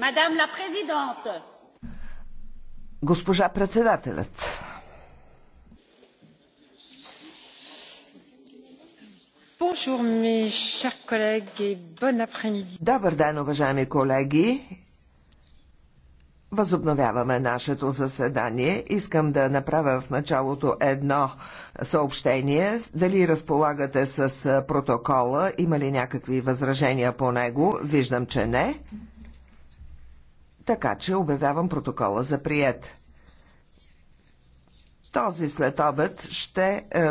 Мадам ла Госпожа председателят. Bonjour, mes chers collègues, et bon après-midi. Добър ден, уважаеми колеги. Възобновяваме нашето заседание. Искам да направя в началото едно съобщение. Дали разполагате с протокола? Има ли някакви възражения по него? Виждам, че не. Така че обявявам протокола за прият. Този след обед ще е,